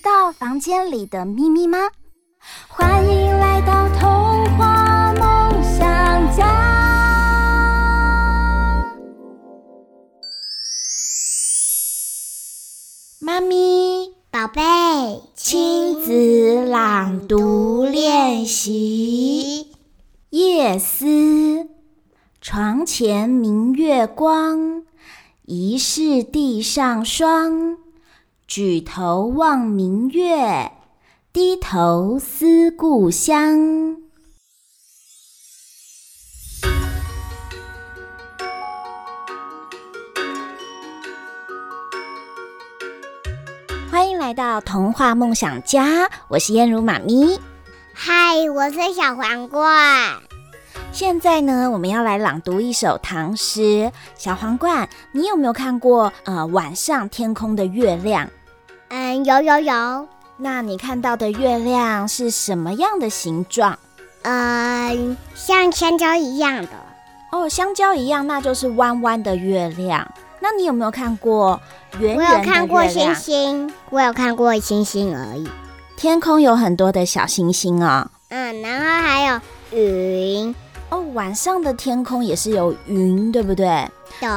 知道房間裡的秘密嗎？歡迎來到童話夢想家。媽咪，寶貝，親，親子朗讀練習《夜思》：床前明月光，疑是地上霜。舉頭望明月，低頭思故鄉。歡迎來到童話夢想家，我是彥如媽咪。嗨，我是小皇冠。現在呢，我們要來朗讀一首唐詩。小皇冠，你有沒有看過呃，晚上天空的月亮？嗯，有有有。那你看到的月亮是什麼樣的形狀？嗯，像香蕉一樣的。哦，香蕉一樣，那就是彎彎的月亮。那你有沒有看過圓圓的月亮？我有看過星星，我有看過星星而已。天空有很多的小星星啊、哦。嗯，然後還有雲。哦，晚上的天空也是有雲，對不對？對。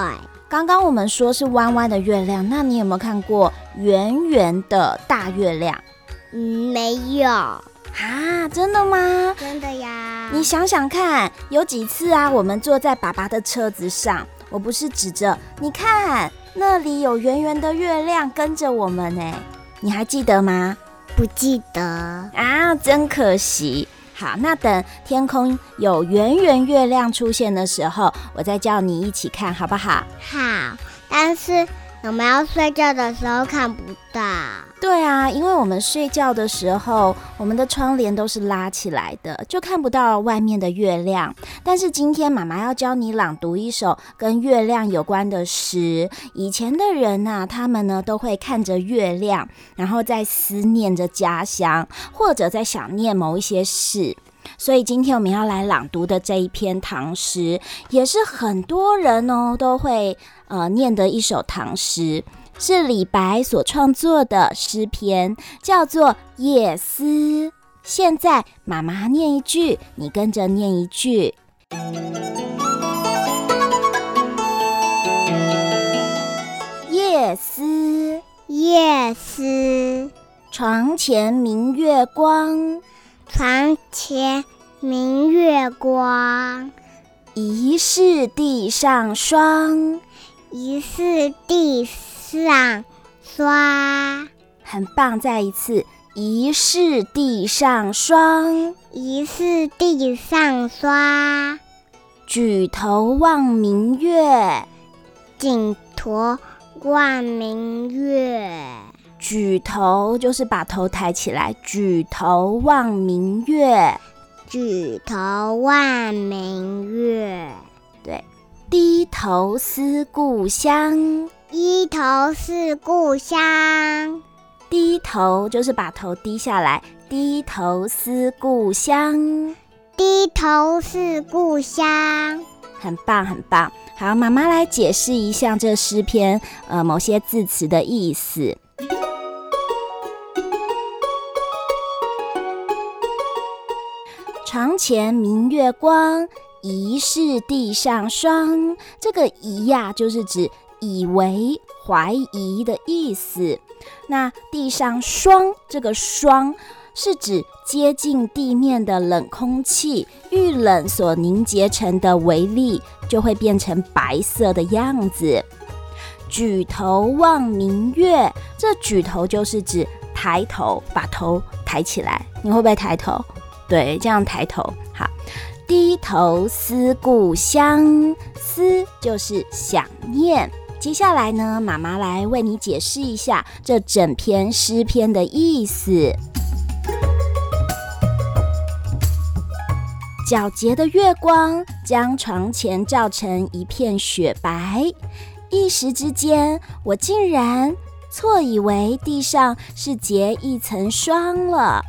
剛剛我們說是彎彎的月亮，那你有沒有看過圓圓的大月亮？嗯，沒有。啊，真的嗎？真的呀！你想想看，有幾次啊，我們坐在爸爸的車子上，我不是指着你看，那裡有圓圓的月亮跟着我們呢。你還記得嗎？不記得啊，真可惜。好，那等天空有圓圓月亮出現的時候，我再叫你一起看，好不好？好，但是。我們要睡覺的時候看不到。對啊，因為我們睡覺的時候，我們的窗簾都是拉起來的，就看不到外面的月亮。但是今天媽媽要教你朗讀一首跟月亮有關的詩。以前的人呢、啊，他們呢都會看着月亮，然後在思念着家鄉，或者在想念某一些事。所以今天我們要來朗讀的這一篇唐詩，也是很多人哦都會。呃，念的一首唐詩，是李白所創作的詩篇，叫做《夜思》。現在媽媽念一句，你跟着念一句。夜思，夜思，床前明月光，床前明月光，疑是地上霜。疑是地上霜，很棒。再一次，疑是地上霜，疑是地上霜。舉頭望明月，舉頭望明月。舉頭就是把頭抬起來，舉頭望明月，舉頭望明月。明月，對。低頭思故鄉，低頭思故鄉。低頭就是把頭低下來，低頭思故鄉，低頭思故鄉。很棒，很棒。好，媽媽來解釋一下這詩篇，呃，某些字詞的意思。 床前明月光。疑是地上霜，這個疑呀、啊，就是指以為、懷疑的意思。那地上霜，這個霜是指接近地面的冷空氣遇冷所凝結成的微粒，就會變成白色的樣子。舉頭望明月，這舉頭就是指抬頭，把頭抬起來。你會不會抬頭？對，這樣抬頭，好。低頭思故鄉，思就是想念。接下來呢，媽媽來為你解釋一下這整篇詩篇的意思。 皎潔的月光將床前照成一片雪白，一時之間，我竟然錯以為地上是結一層霜了。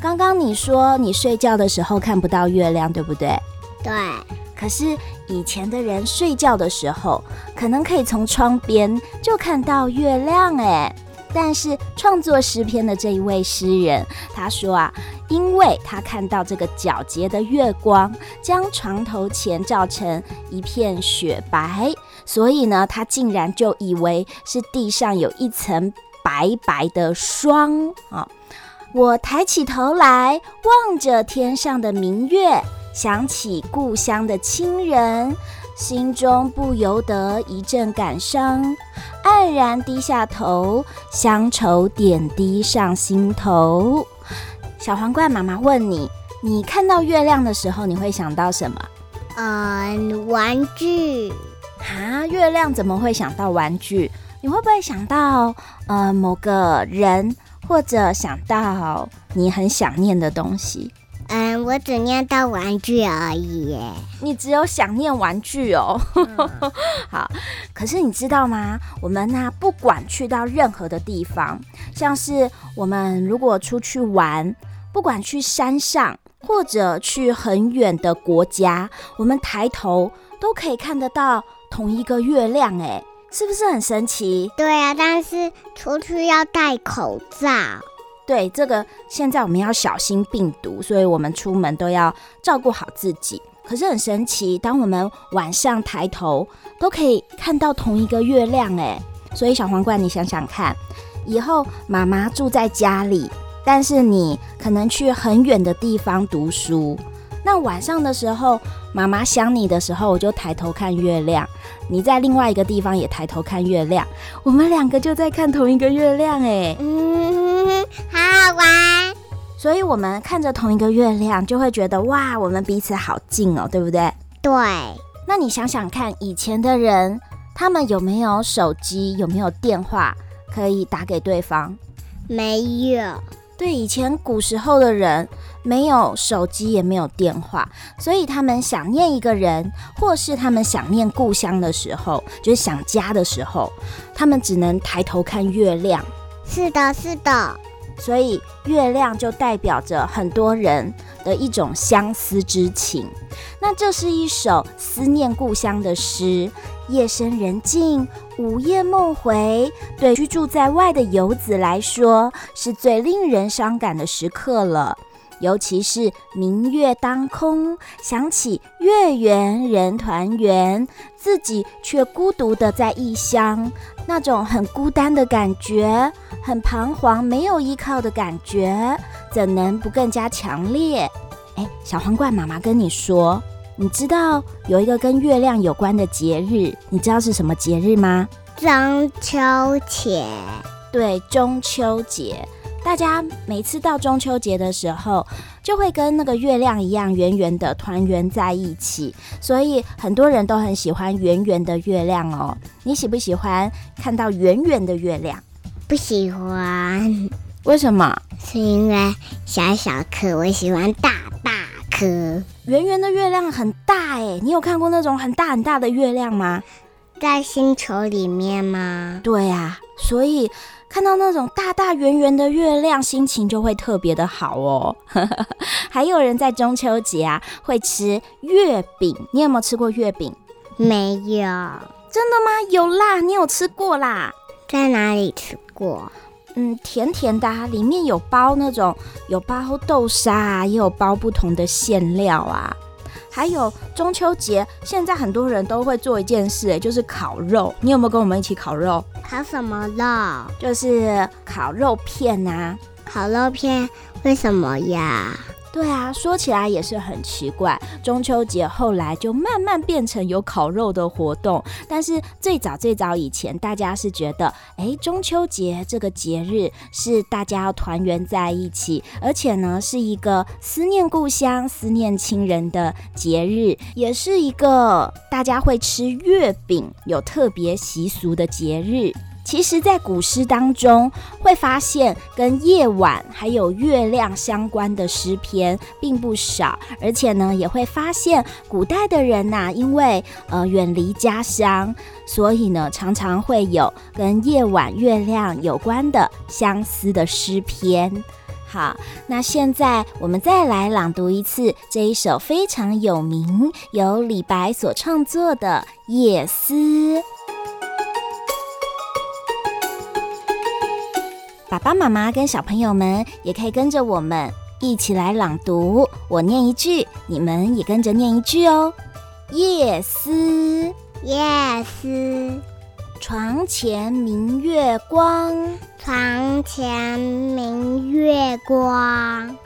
剛剛你說你睡覺的時候看不到月亮，對不對？對。可是以前的人睡覺的時候，可能可以從窗邊就看到月亮誒，但是創作詩篇的這一位詩人，他說啊，因為他看到這個皎潔的月光將床頭前照成一片雪白，所以呢，他竟然就以為是地上有一層白白的霜啊。我抬起頭來望着天上的明月，想起故鄉的親人，心中不由得一陣感傷，黯然低下頭，鄉愁點滴上心頭。小皇冠媽媽問你：你看到月亮的時候，你會想到什麼？嗯，玩具。啊，月亮怎麼會想到玩具？你會不會想到，呃，某個人，或者想到你很想念的東西？嗯，我只念到玩具而已。你只有想念玩具哦、？ 嗯。好，可是你知道嗎？我們呢，不管去到任何的地方，像是我們如果出去玩，不管去山上，或者去很遠的國家，我們抬頭都可以看得到同一個月亮哎。是不是很神奇？對啊，但是出去要戴口罩。對，這個現在我們要小心病毒，所以我們出門都要照顧好自己。可是很神奇，當我們晚上抬頭都可以看到同一個月亮哎。所以小皇冠，你想想看，以後媽媽住在家裡，但是你可能去很遠的地方讀書。那晚上的時候，媽媽想你的時候，我就抬頭看月亮；你在另外一個地方也抬頭看月亮，我們兩個就在看同一個月亮，哎，嗯，好好玩。所以，我們看着同一個月亮，就會覺得哇，我們彼此好近哦，對不對？對。那你想想看，以前的人他們有沒有手機，有沒有電話可以打給對方？沒有。對，以前古時候的人沒有手機，也沒有電話，所以他們想念一個人，或是他們想念故鄉的時候，就是想家的時候，他們只能抬頭看月亮。是的，是的。所以，月亮就代表着很多人的一種相思之情。那這是一首思念故鄉的詩。夜深人靜，午夜夢回，對居住在外的游子來說，是最令人傷感的時刻了。尤其是明月當空，想起月圓人團圓，自己卻孤獨的在異鄉，那種很孤單的感覺，很彷徨，沒有依靠的感覺，怎能不更加強烈？誒，小皇冠媽媽跟你說，你知道有一個跟月亮有關的節日，你知道是什麼節日嗎？中秋節。對，中秋節。大家每次到中秋節的時候，就會跟那個月亮一樣圓圓的團圓在一起，所以很多人都很喜歡圓圓的月亮哦。你喜不喜歡看到圓圓的月亮？不喜歡。為什麼？是因為小小顆，我喜歡大大顆。圓圓的月亮很大哎，你有看過那種很大很大的月亮嗎？在星球裡面嗎？對啊。所以看到那種大大圓圓的月亮，心情就會特別的好哦。 還有人在中秋節啊會吃月餅，你有沒有吃過月餅？沒有？真的嗎？有啦，你有吃過啦？在哪裡吃過？嗯，甜甜的啊，裡面有包那種，有包豆沙啊，也有包不同的餡料啊。還有中秋節，現在很多人都會做一件事，就是烤肉。你有沒有跟我們一起烤肉？烤什麼肉？就是烤肉片啊。烤肉片，為什麼呀？對啊，說起來也是很奇怪。中秋節後來就慢慢變成有烤肉的活動，但是最早最早以前，大家是覺得，誒，中秋節這個節日是大家要團圓在一起，而且呢，是一個思念故鄉、思念親人的節日，也是一個大家會吃月餅、有特別習俗的節日。其實，在古詩當中，會發現跟夜晚還有月亮相關的詩篇並不少，而且呢，也會發現古代的人吶、啊，因為呃遠離家鄉，所以呢，常常會有跟夜晚、月亮有關的相思的詩篇。好，那現在我們再來朗讀一次這一首非常有名、由李白所創作的《夜思》。爸爸媽媽跟小朋友們也可以跟着我們一起來朗讀，我念一句，你們也跟着念一句哦。夜思，夜思，床前明月光，床前明月光，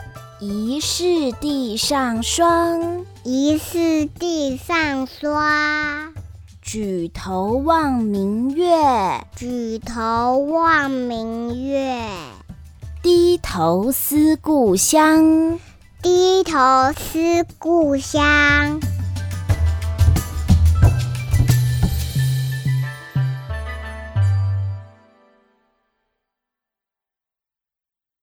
疑是地上霜，疑是地上霜。舉頭望明月，舉頭望明月，低頭思故鄉，低頭思故鄉。